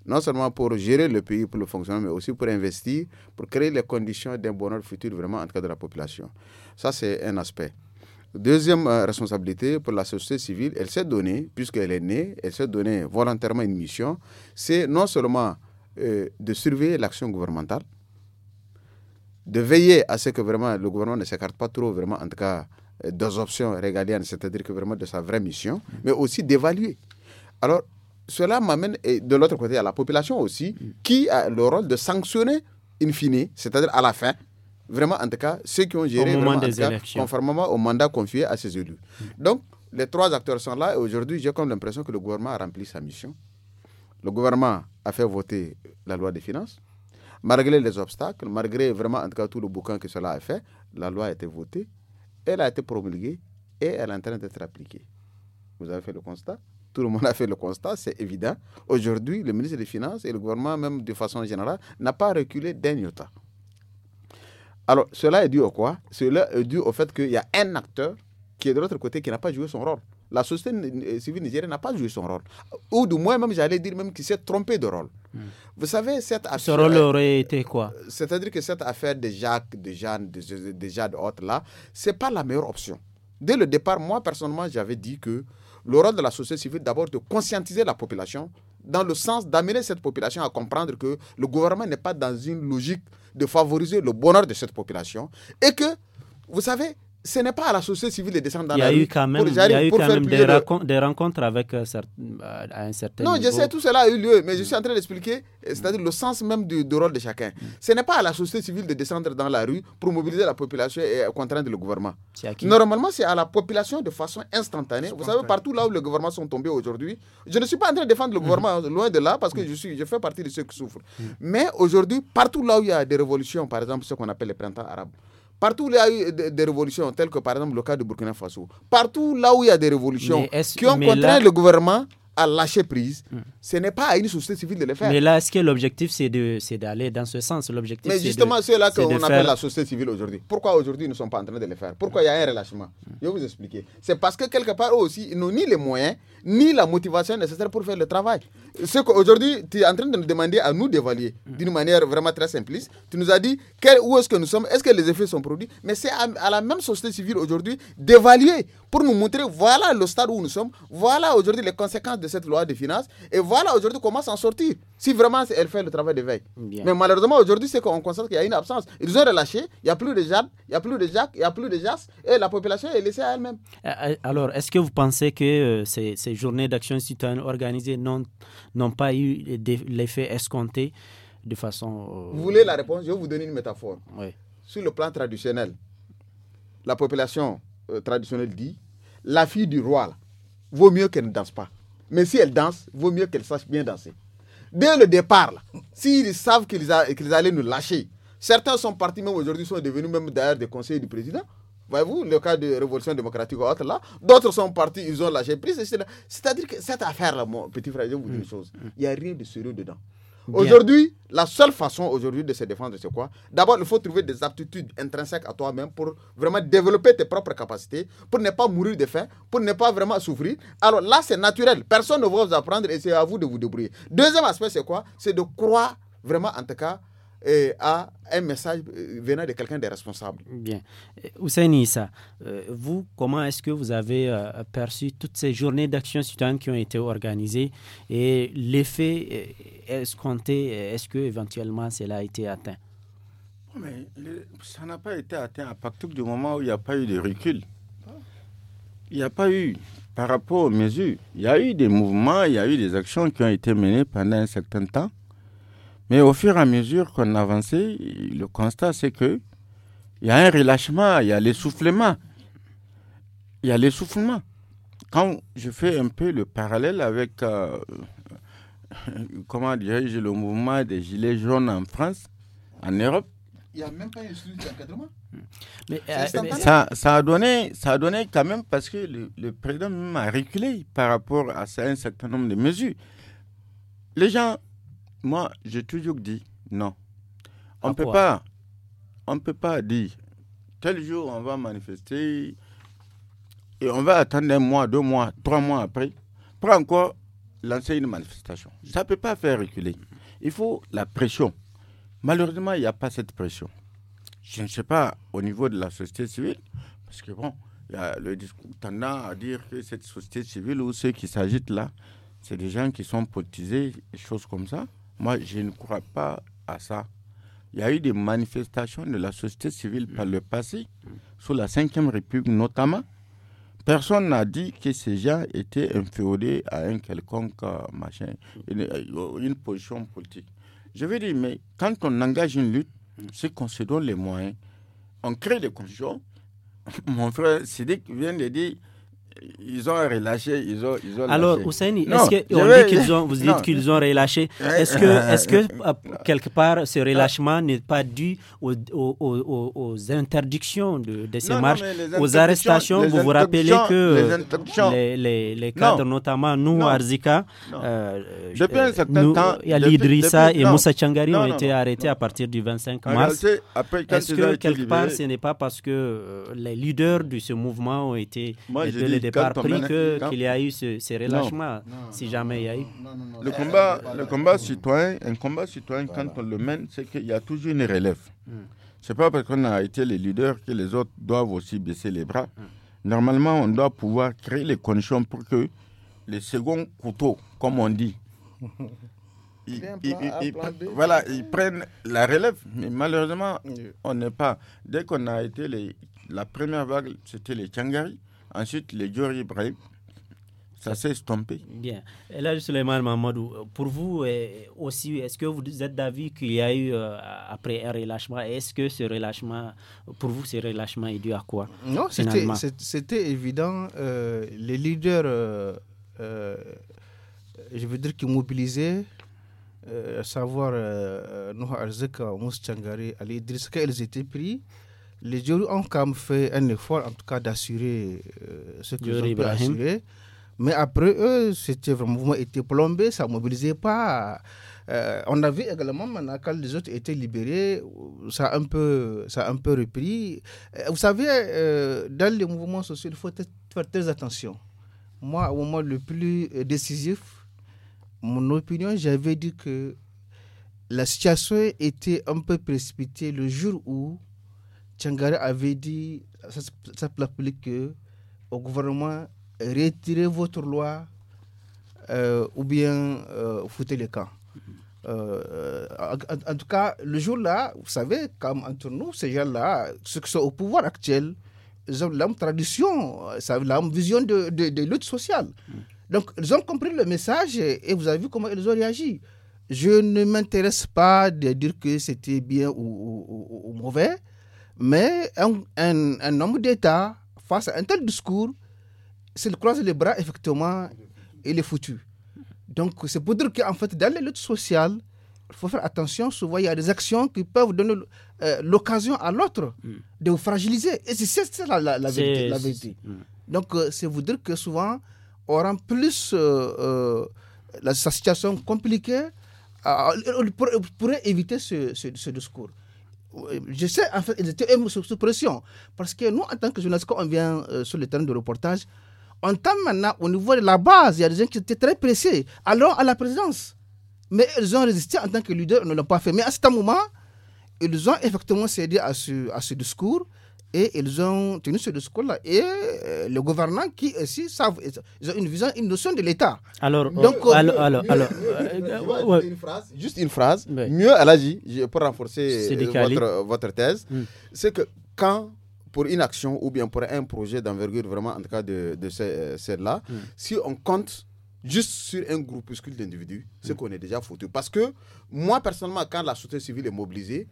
Non seulement pour gérer le pays, pour le fonctionnement, mais aussi pour investir, pour créer les conditions d'un bonheur futur vraiment en tout cas de la population. Ça, c'est un aspect. Deuxième euh, responsabilité pour la société civile, elle s'est donnée, puisqu'elle est née, elle s'est donnée volontairement une mission, c'est non seulement euh, de surveiller l'action gouvernementale, de veiller à ce que vraiment le gouvernement ne s'écarte pas trop, vraiment en tout cas, deux des options régaliennes, c'est-à-dire que vraiment de sa vraie mission, mais aussi d'évaluer. Alors, cela m'amène de l'autre côté à la population aussi, qui a le rôle de sanctionner in fine, c'est-à-dire à la fin, vraiment, en tout cas, ceux qui ont géré, conformément au mandat confié à ces élus. Donc, les trois acteurs sont là et aujourd'hui, j'ai comme l'impression que le gouvernement a rempli sa mission. Le gouvernement a fait voter la loi des finances. Malgré les obstacles, malgré vraiment, en tout cas, tout le bouquin que cela a fait, la loi a été votée, elle a été promulguée et elle est en train d'être appliquée. Vous avez fait le constat tout le monde a fait le constat, c'est évident. Aujourd'hui, le ministre des Finances et le gouvernement, même de façon générale, n'a pas reculé d'un iota. Alors, cela est dû au quoi Cela est dû au fait qu'il y a un acteur qui est de l'autre côté qui n'a pas joué son rôle. La société civile nigérienne n'a pas joué son rôle. Ou du moins, même, j'allais dire même qu'il s'est trompé de rôle. Hmm. Vous savez, cette affaire. Ce rôle aurait été quoi C'est-à-dire que cette affaire de Jacques, de Jeanne, de, de Jade, autres là, c'est pas la meilleure option. Dès le départ, moi, personnellement, j'avais dit que le rôle de la société civile, d'abord, de conscientiser la population dans le sens d'amener cette population à comprendre que le gouvernement n'est pas dans une logique de favoriser le bonheur de cette population et que, vous savez, ce n'est pas à la société civile de descendre dans la rue. Il y a eu quand même, eu quand même des, des, rencontres avec euh, euh, à un certain Non, je sais, tout cela a eu lieu, mais je suis en train d'expliquer, euh, c'est-à-dire le sens même du, rôle de chacun. Mm. Ce n'est pas à la société civile de descendre dans la rue pour mobiliser la population et contraindre le gouvernement. Normalement, c'est à la population de façon instantanée. Vous savez, partout là où le gouvernement sont tombés aujourd'hui, je ne suis pas en train de défendre le mm. gouvernement, hein, loin de là, parce que mm. je, suis, je fais partie de ceux qui souffrent. Mais aujourd'hui, partout là où il y a des révolutions, par exemple, ce qu'on appelle les printemps arabes, Partout où il y a eu des, révolutions, telles que par exemple le cas de Burkina Faso, partout là où il y a des révolutions qui ont contraint le gouvernement à lâcher prise, mm. ce n'est pas à une société civile de le faire. Mais là, est-ce que l'objectif, c'est d'aller dans ce sens L'objectif, Mais justement, c'est là qu'on appelle la société civile aujourd'hui. Pourquoi aujourd'hui, nous ne sommes pas en train de le faire Pourquoi il y a un relâchement mm. Je vais vous expliquer. C'est parce que quelque part, eux aussi, ils n'ont ni les moyens, ni la motivation nécessaire pour faire le travail. Ce qu'aujourd'hui, tu es en train de nous demander à nous d'évaluer mm. d'une manière vraiment très simpliste. Tu nous as dit quel, où est-ce que nous sommes, est-ce que les effets sont produits Mais c'est à la même société civile aujourd'hui d'évaluer pour nous montrer voilà le stade où nous sommes, voilà aujourd'hui les conséquences de cette loi de finances et voilà aujourd'hui comment s'en sortir si vraiment elle fait le travail de veille. Mais malheureusement aujourd'hui c'est qu'on constate qu'il y a une absence. Ils ont relâché, il n'y a plus de Jade, il n'y a plus de Jacques, il n'y a plus de Jas et la population est laissée à elle-même. Euh, euh, alors est-ce que vous pensez que euh, ces, journées d'action citoyenne organisées n'ont pas eu l'effet escompté de façon... Vous voulez la réponse Je vais vous donner une métaphore. Sur le plan traditionnel, la population euh, traditionnel dit, la fille du roi, vaut mieux qu'elle ne danse pas. Mais si elle danse, vaut mieux qu'elle sache bien danser. Dès le départ, s'ils savent qu'ils allaient nous lâcher, certains sont partis même aujourd'hui, sont devenus même d'ailleurs des conseillers du président. Voyez-vous, le cas de révolution démocratique ou autre là, d'autres sont partis, ils ont lâché prise, C'est-à-dire que cette affaire-là, mon petit frère, je vous dis une mm. chose, il n'y a rien de sérieux dedans. Aujourd'hui, la seule façon aujourd'hui de se défendre, c'est quoi D'abord, il faut trouver des aptitudes intrinsèques à toi-même pour vraiment développer tes propres capacités, pour ne pas mourir de faim, pour ne pas vraiment souffrir. Alors là, c'est naturel. Personne ne va vous apprendre et c'est à vous de vous débrouiller. Deuxième aspect, c'est quoi C'est de croire vraiment, en tout cas, et à un message euh, venant de quelqu'un des responsables. Bien. Euh, Hussein Issa, euh, vous, comment est-ce que vous avez perçu toutes ces journées d'action citoyenne qui ont été organisées et l'effet escompté, est-ce que éventuellement cela a été atteint Mais ça n'a pas été atteint à partir du moment où il n'y a pas eu de recul. Il n'y a pas eu, par rapport aux mesures, il y a eu des mouvements, il y a eu des actions qui ont été menées pendant un certain temps mais au fur et à mesure qu'on avançait, le constat, c'est que il y a un relâchement, il y a l'essoufflement. Il y a l'essoufflement. Quand je fais un peu le parallèle avec, euh, euh, comment dirais-je, le mouvement des Gilets jaunes en France, en Europe. Il n'y a même pas d'encadrement. Mais, euh, ça, a donné, ça a donné quand même parce que le, le président a reculé par rapport à un certain nombre de mesures. Les gens moi, j'ai toujours dit non. On ne peut pas. On peut pas dire tel jour on va manifester et on va attendre un mois, deux mois, trois mois après pour encore lancer une manifestation. Ça ne peut pas faire reculer. Il faut la pression. Malheureusement, il n'y a pas cette pression. Je ne sais pas au niveau de la société civile, parce que bon, il y a le discours tendant à dire que cette société civile ou ceux qui s'agitent là, c'est des gens qui sont politisés, des choses comme ça. Moi, je ne crois pas à ça. Il y a eu des manifestations de la société civile par le passé, sous la Ve République notamment. Personne n'a dit que ces gens étaient inféodés à un quelconque euh, machin, euh, une, position politique. Je veux dire, mais quand on engage une lutte, c'est qu'on se donne les moyens. On crée des conditions. Mon frère Sidique vient de dire ils ont relâché, ils ont, Alors, Ousseini, est-ce que dit qu'ils ont, vous dites qu'ils ont relâché Est-ce que, est-ce que euh, quelque part ce relâchement n'est pas dû aux, aux, aux, interdictions de, ces marches, aux arrestations Vous vous rappelez que les, les, cadres, notamment nous, Arzika, euh, euh nous, Idrissa et Moussa Changari ont été arrêtés à partir du 25 mars. est-ce que quelque part, ce n'est pas parce que euh, les leaders de ce mouvement ont été départ pris qu'il y a eu ce, relâchement relâchements, si jamais il y a eu. le, combat, le combat citoyen, un combat citoyen, quand on le mène, c'est qu'il y a toujours une relève. Hmm. C'est Ce n'est pas parce qu'on a été les leaders que les autres doivent aussi baisser les bras. Hmm. Normalement, on doit pouvoir créer les conditions pour que les seconds couteaux, comme on dit, voilà, ils prennent la relève. Mais malheureusement, on n'est pas. Dès qu'on a été les, la première vague, c'était les Tchangari. Ensuite, les jour Ibrahim, ça s'est estompé. Bien. Et là, Suleiman Mamadou, pour vous aussi, est-ce que vous êtes d'avis qu'il y a eu, euh, après un relâchement, est-ce que ce relâchement, pour vous, ce relâchement est dû à quoi Non, c'était évident. Euh, les leaders, euh, je veux dire, qui mobilisaient, à savoir Noah Arzeka, Moussa Changari, Ali étaient pris, les jurys ont quand même fait un effort, en tout cas, d'assurer euh, ce que ont pu assurer. Mais après eux, c'était le mouvement était plombé, ça ne mobilisait pas. Euh, on a vu également maintenant, quand les autres étaient libérés, ça a un peu, ça un peu repris. Euh, vous savez, dans les mouvements sociaux, il faut faire très attention. Moi, au moment le plus décisif, mon opinion, j'avais dit que la situation était un peu précipitée le jour où Tchangari avait dit ça sa place que au gouvernement, retirez votre loi euh, ou bien euh, foutez les camps. Euh, euh, en, tout cas, le jour-là, vous savez, comme entre nous, ces gens-là, ceux qui sont au pouvoir actuel, ils ont la même tradition, la même vision de, de, de lutte sociale. Mm. Donc, ils ont compris le message et, vous avez vu comment ils ont réagi. Je ne m'intéresse pas de dire que c'était bien ou mauvais. Mais un, un, homme d'État, face à un tel discours, s'il croise les bras, effectivement, il est foutu. Donc, c'est pour dire qu'en fait, dans les luttes sociales, il faut faire attention. Souvent, il y a des actions qui peuvent donner euh, l'occasion à l'autre hmm. de vous fragiliser. Et c'est ça, la, la, vérité. Donc, euh, c'est pour dire que souvent, on rend plus euh, la, sa situation compliquée. on pourrait éviter ce discours je sais, en fait, ils étaient sous, pression. Parce que nous, en tant que journaliste quand on vient euh, sur le terrain de reportage, on entend maintenant au niveau de la base. Il y a des gens qui étaient très pressés. Alors, à la présidence. Mais ils ont résisté en tant que leaders, ils ne l'ont pas fait. Mais à ce moment, ils ont effectivement cédé à ce discours et ils ont tenu ce discours-là. Et euh, le gouvernement qui aussi savent, ils ont une vision, une notion de l'État. Alors, euh, alors, alors, euh, une phrase, juste une phrase, ouais. mieux à je pour renforcer votre, thèse, mm. c'est que quand pour une action ou bien pour un projet d'envergure vraiment en tout cas de, de celle-là, mm. si on compte juste sur un groupuscule d'individus, c'est mm. qu'on est déjà foutu. Parce que moi, personnellement, quand la société civile est mobilisée,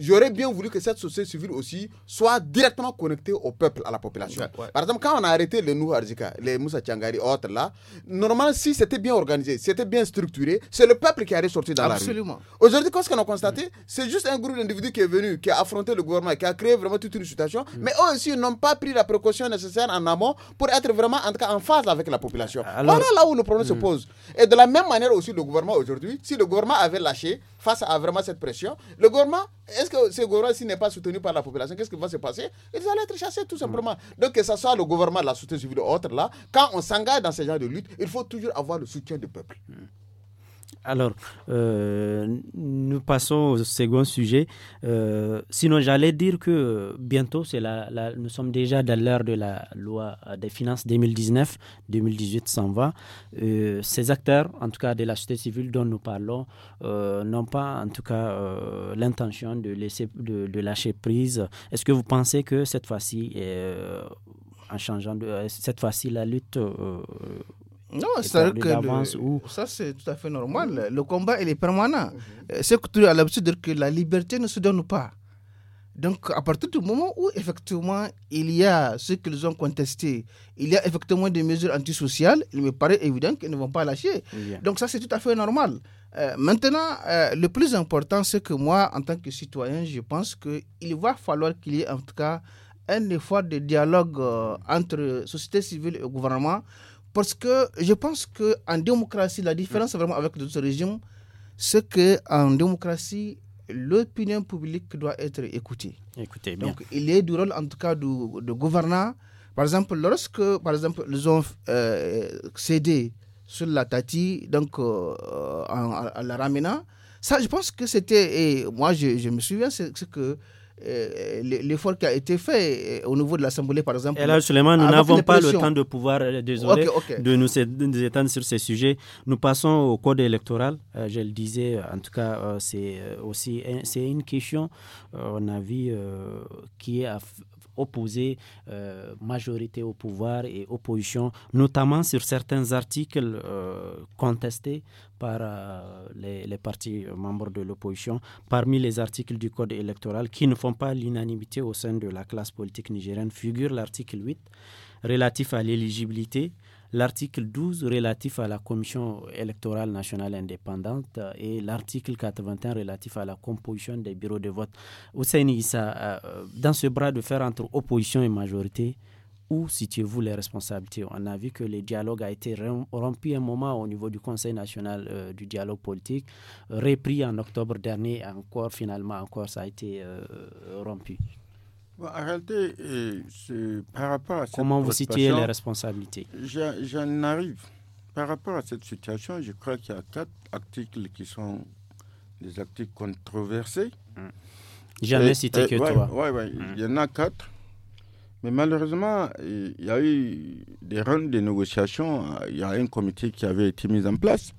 j'aurais bien voulu que cette société civile aussi soit directement connectée au peuple, à la population. Par exemple, quand on a arrêté les Nouh les Moussa Tiangari, autres là, normalement, si c'était bien organisé, c'était bien structuré, c'est le peuple qui allait sorti dans la rue. Absolument. Aujourd'hui, qu'est-ce qu'on a constaté C'est juste un groupe d'individus qui est venu, qui a affronté le gouvernement, qui a créé vraiment toute une situation, mm. mais eux aussi n'ont pas pris la précaution nécessaire en amont pour être vraiment, en tout cas, en phase avec la population. Alors... Voilà là où le problème se mm. pose. Et de la même manière aussi, le gouvernement aujourd'hui, si le gouvernement avait lâché, face à vraiment cette pression, le gouvernement, est-ce que ce gouvernement, s'il n'est pas soutenu par la population, qu'est-ce qui va se passer Ils allaient être chassés tout simplement. Donc que ce soit le gouvernement, la société civile ou autre, là, quand on s'engage dans ce genre de lutte, il faut toujours avoir le soutien du peuple. Alors, euh, nous passons au second sujet. Euh, sinon, j'allais dire que bientôt, c'est la, nous sommes déjà dans l'ère de la loi des finances 2019. 2018 s'en va. Euh, ces acteurs, en tout cas de la société civile dont nous parlons, n'ont pas, en tout cas, l'intention de, laisser, de lâcher prise. Est-ce que vous pensez que cette fois-ci, en changeant de, cette fois-ci, la lutte non, c'est que ça c'est tout à fait normal. Le combat il est permanent. Euh, c'est que tu as l'habitude de dire que la liberté ne se donne pas. Donc à partir du moment où effectivement il y a ce qu'ils ont contesté, il y a effectivement des mesures antisociales, il me paraît évident qu'ils ne vont pas lâcher. Donc ça c'est tout à fait normal. Euh, maintenant, euh, le plus important, c'est que moi, en tant que citoyen, je pense qu'il va falloir qu'il y ait en tout cas un effort de dialogue entre société civile et gouvernement parce que je pense qu'en démocratie, la différence vraiment avec d'autres régions, c'est qu'en démocratie, l'opinion publique doit être écoutée. Écoutez bien. Donc, il est du rôle, en tout cas, du, gouverneur. Par exemple, lorsque, par exemple, ils ont euh, cédé sur la Tati, donc euh, en, la Ramena, ça, je pense que c'était, et moi, je, je me souviens, c'est que euh, l'effort qui a été fait euh, au niveau de l'Assemblée, par exemple. Et là, Suleiman, nous n'avons pas le temps de pouvoir, euh, désolé, de nous étendre sur ces sujets. Nous passons au code électoral. je le disais, en tout cas, c'est aussi c'est une question, à avis, qui est opposer euh, majorité au pouvoir et opposition, notamment sur certains articles euh, contestés par euh, les, les, partis membres de l'opposition, parmi les articles du Code électoral qui ne font pas l'unanimité au sein de la classe politique nigérienne, figure l'article 8 relatif à l'éligibilité l'article 12 relatif à la Commission électorale nationale indépendante et l'article 81 relatif à la composition des bureaux de vote. Hussein Issa, euh, euh, dans ce bras de fer entre opposition et majorité, où situez-vous les responsabilités On a vu que le dialogue a été rompu un moment au niveau du Conseil national euh, du dialogue politique, repris en octobre dernier, encore finalement, encore ça a été rompu en réalité, par rapport à cette Comment vous situez les responsabilités J'en arrive. Par rapport à cette situation, je crois qu'il y a quatre articles qui sont des articles controversés. Mmh. Jamais cité que toi. Oui, mm. il y en a quatre. Mais malheureusement, il y a eu des rounds de négociations. Il y a un comité qui avait été mis en place.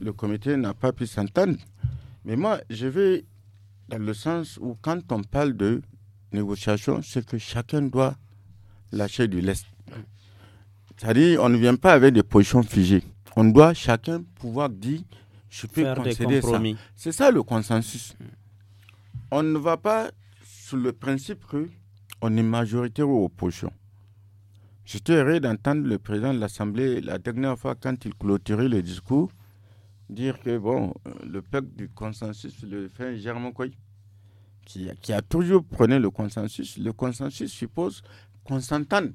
Le comité n'a pas pu s'entendre. Mais moi, je vais dans le sens où quand on parle de négociation, c'est que chacun doit lâcher du lest. C'est-à-dire, on ne vient pas avec des positions figées. On doit chacun pouvoir dire, je peux concéder ça. C'est ça le consensus. On ne va pas sous le principe que on est majoritaire ou opposition. J'étais heureux d'entendre le président de l'Assemblée la dernière fois quand il clôturait le discours dire que bon, le peuple du consensus le fait germain qui, a toujours prenait le consensus, le consensus suppose qu'on s'entende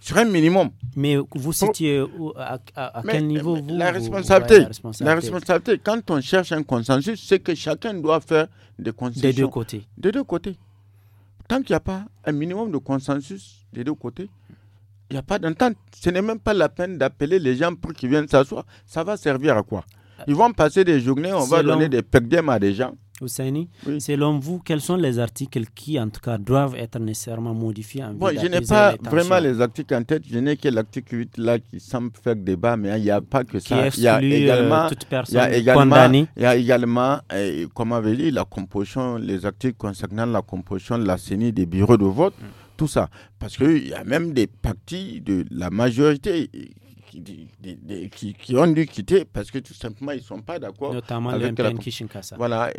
sur un minimum. Mais vous étiez à, quel niveau vous, la, responsabilité, la, responsabilité, quand on cherche un consensus, c'est que chacun doit faire des concessions. Des deux côtés. Des deux côtés. Tant qu'il n'y a pas un minimum de consensus des deux côtés, il n'y a pas d'entente. Ce n'est même pas la peine d'appeler les gens pour qu'ils viennent s'asseoir. Ça va servir à quoi Ils vont passer des journées, on va donner des pecdièmes à des gens selon vous, quels sont les articles qui, en tout cas, doivent être nécessairement modifiés en bon, Je n'ai pas vraiment les articles en tête. Je n'ai que l'article 8 là qui semble faire débat, mais il n'y a pas que ça. Euh, il y a également, il y a également, y a également eh, comme avait dit, la composition, les articles concernant la composition de la CENI des bureaux de vote, mm. tout ça. Parce qu'il y a même des partis de la majorité qui, ont dû quitter parce que tout simplement, ils ne sont pas d'accord. Notamment avec la... Kishinkasa. Voilà,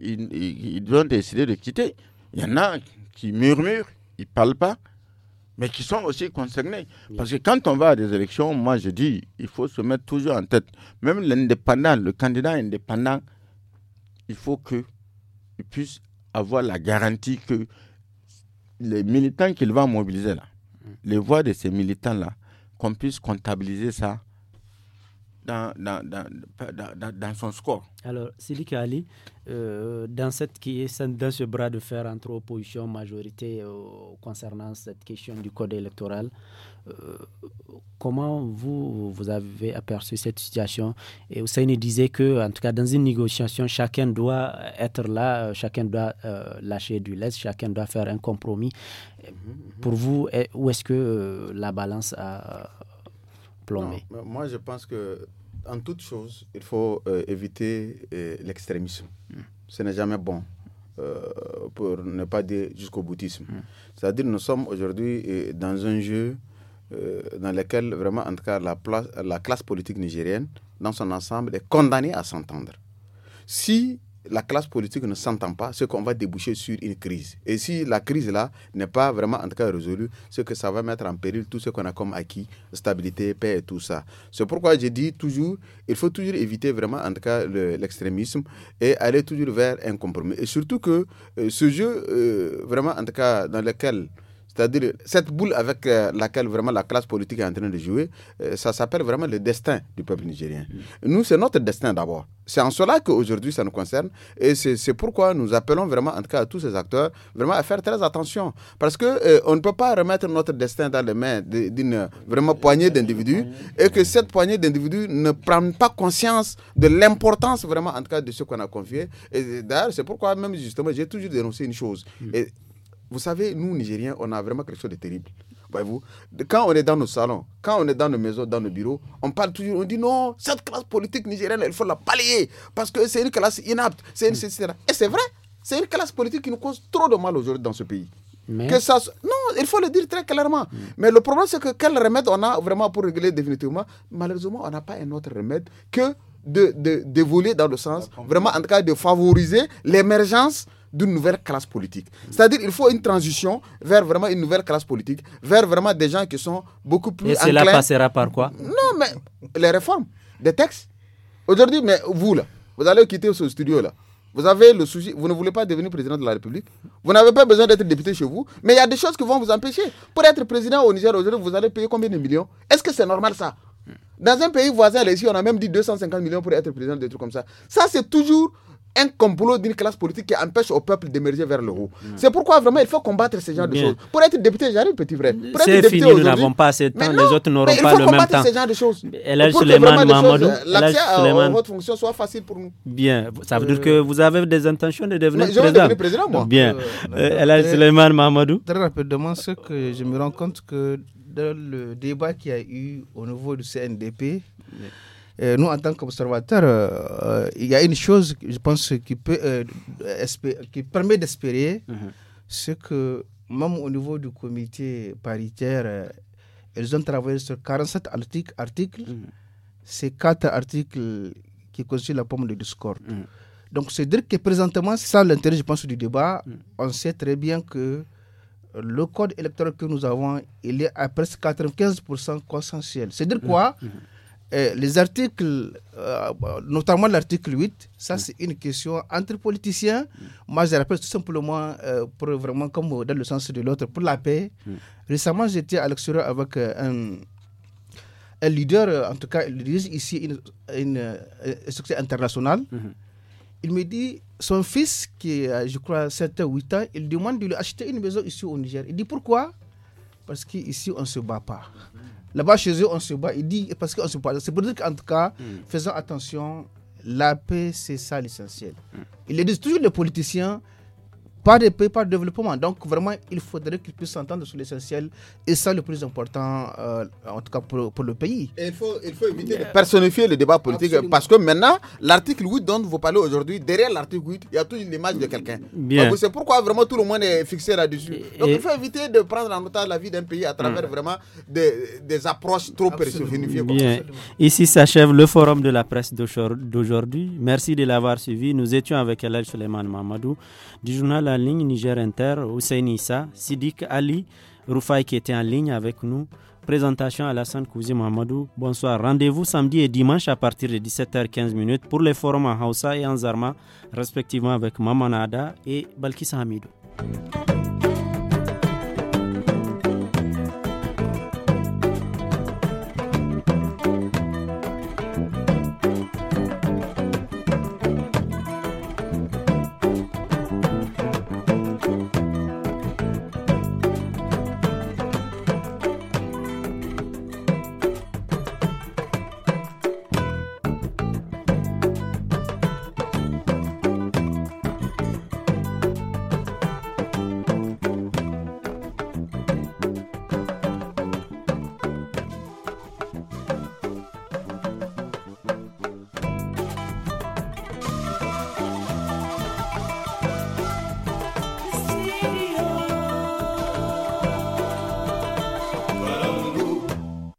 ils, doivent décider ont décidé de quitter. Il y en a qui murmurent, ils ne parlent pas, mais qui sont aussi concernés. Parce que quand on va à des élections, moi je dis, il faut se mettre toujours en tête. Même l'indépendant, le candidat indépendant, il faut qu'il puisse avoir la garantie que les militants qu'il va mobiliser là, mm. les voix de ces militants là, qu'on puisse comptabiliser ça dans, son score. Alors, Sidi Ali, euh, dans, cette, qui est, dans ce bras de fer entre opposition, majorité euh, concernant cette question du code électoral, euh, comment vous, vous avez aperçu cette situation Et Hussein disait que, en tout cas, dans une négociation, chacun doit être là, chacun doit lâcher du lest, chacun doit faire un compromis. Mm-hmm. Pour vous, où est-ce que la balance a moi, je pense que en toute chose, il faut euh, éviter euh, l'extrémisme. Hmm. Ce n'est jamais bon. Euh, pour ne pas dire jusqu'au boutisme. Hmm. C'est-à-dire nous sommes aujourd'hui dans un jeu dans lequel vraiment, en tout cas, la, la classe politique nigérienne, dans son ensemble, est condamnée à s'entendre. Si la classe politique ne s'entend pas, c'est qu'on va déboucher sur une crise. Et si la crise-là n'est pas vraiment, en tout cas, résolue, c'est que ça va mettre en péril tout ce qu'on a comme acquis, stabilité, paix et tout ça. C'est pourquoi j'ai dit toujours, il faut toujours éviter vraiment, en tout cas, l'extrémisme et aller toujours vers un compromis. Et surtout que euh, ce jeu, euh, vraiment, en tout cas, dans lequel c'est-à-dire, cette boule avec euh, laquelle vraiment la classe politique est en train de jouer, euh, ça s'appelle vraiment le destin du peuple nigérien. Mm. Nous, c'est notre destin d'abord. C'est en cela qu'aujourd'hui, ça nous concerne. Et c'est pourquoi nous appelons vraiment, en tout cas, à tous ces acteurs, vraiment à faire très attention. Parce qu'on euh, on ne peut pas remettre notre destin dans les mains d'une vraiment poignée d'individus et que cette poignée d'individus ne prennent pas conscience de l'importance vraiment, en tout cas, de ce qu'on a confié. Et d'ailleurs, c'est pourquoi même justement, j'ai toujours dénoncé une chose. Mm. Et vous savez, nous, Nigériens, on a vraiment quelque chose de terrible. Voyez-vous Quand on est dans nos salons, quand on est dans nos maisons, dans nos bureaux, on parle toujours, on dit non, cette classe politique nigérienne, il faut la pallier parce que c'est une classe inapte, c'est une, mm. Et c'est vrai, c'est une classe politique qui nous cause trop de mal aujourd'hui dans ce pays. Mais... Que ça... Non, il faut le dire très clairement. Mm. Mais le problème, c'est que quel remède on a vraiment pour régler définitivement Malheureusement, on n'a pas un autre remède que d'évoluer de, de, dans le sens, vraiment en tout cas, de favoriser l'émergence d'une nouvelle classe politique. C'est-à-dire il faut une transition vers vraiment une nouvelle classe politique, vers vraiment des gens qui sont beaucoup plus... Et cela passera par quoi Non, mais les réformes, des textes. Aujourd'hui, mais vous là, vous allez quitter ce studio là. Vous avez le souci, vous ne voulez pas devenir président de la République. Vous n'avez pas besoin d'être député chez vous, mais il y a des choses qui vont vous empêcher. Pour être président au Niger aujourd'hui, vous allez payer combien de millions Est-ce que c'est normal ça Dans un pays voisin, ici, on a même dit 250 millions pour être président, de trucs comme ça. Ça, c'est toujours un complot d'une classe politique qui empêche au peuple d'émerger vers le haut. C'est pourquoi vraiment il faut combattre ce genre de choses. Pour être député, j'arrive, petit vrai. C'est fini, nous n'avons pas assez de temps, les autres n'auront pas le même temps. combattre ce genre de choses. Suleiman Mamadou. L'accès à votre fonction soit facile pour nous. Bien, ça veut dire que euh, vous avez des intentions de devenir président. Je veux devenir président, moi. Bien. Euh, euh El Suleiman Mamadou. Très rapidement, ce que je me rends compte que dans le débat qui a eu au niveau du CNDP, euh, nous, en tant qu'observateurs, euh, il y a une chose, je pense, qui, peut, euh, qui permet d'espérer, mhm. c'est que même au niveau du comité paritaire, ils ont travaillé sur 47 articles. articles mhm. mm articles qui constituent la pomme de discorde. Mhm. Donc, c'est dire que présentement, c'est ça l'intérêt, je pense, du débat. On sait très bien que le code électoral que nous avons, il est à presque 95% consensuel. cest dire quoi les articles, euh, notamment l'article 8, ça mm. c'est une question entre politiciens. Moi je rappelle tout simplement, euh, pour vraiment comme dans le sens de l'autre, pour la paix. Mm. Récemment j'étais à l'extérieur avec euh, un, leader, en tout cas il dirige ici une, un succès international. Mm-hmm. Il me dit, son fils qui a je crois 7 ou 8 ans, il demande de lui acheter une maison ici au Niger. Il dit pourquoi Parce qu'ici on ne se bat pas. Là-bas, chez eux, on se bat. Il dit, parce qu'on se bat. C'est pour dire qu'en tout cas, hmm. faisons attention, la paix, c'est ça l'essentiel. Il hmm. Ils dit, toujours, les politiciens, pas de pays par développement. Donc vraiment, il faudrait qu'ils puissent s'entendre sur l'essentiel et ça le plus important, euh, en tout cas pour, pour le pays. il, faut, il faut éviter de euh, personnifier le débat politique parce que maintenant, l'article 8 dont vous parlez aujourd'hui, derrière l'article 8, il y a une image de quelqu'un. C'est pourquoi vraiment tout le monde est fixé là-dessus. Donc il faut éviter de prendre en otage la vie d'un pays à travers mm. vraiment des, des, approches trop personnifiées. Ici s'achève le forum de la presse d'aujourd'hui. Merci de l'avoir suivi. Nous étions avec Alain Suleiman Mamadou du journal en ligne, Niger Inter, Hussein Issa, Sidik Ali, Rufai qui était en ligne avec nous. Présentation à la Sainte-Cousine Mamadou. Bonsoir. Rendez-vous samedi et dimanche à partir de 17h15 pour les forums en Hausa et en Zarma, respectivement avec Mamanada et Balkis Hamidou.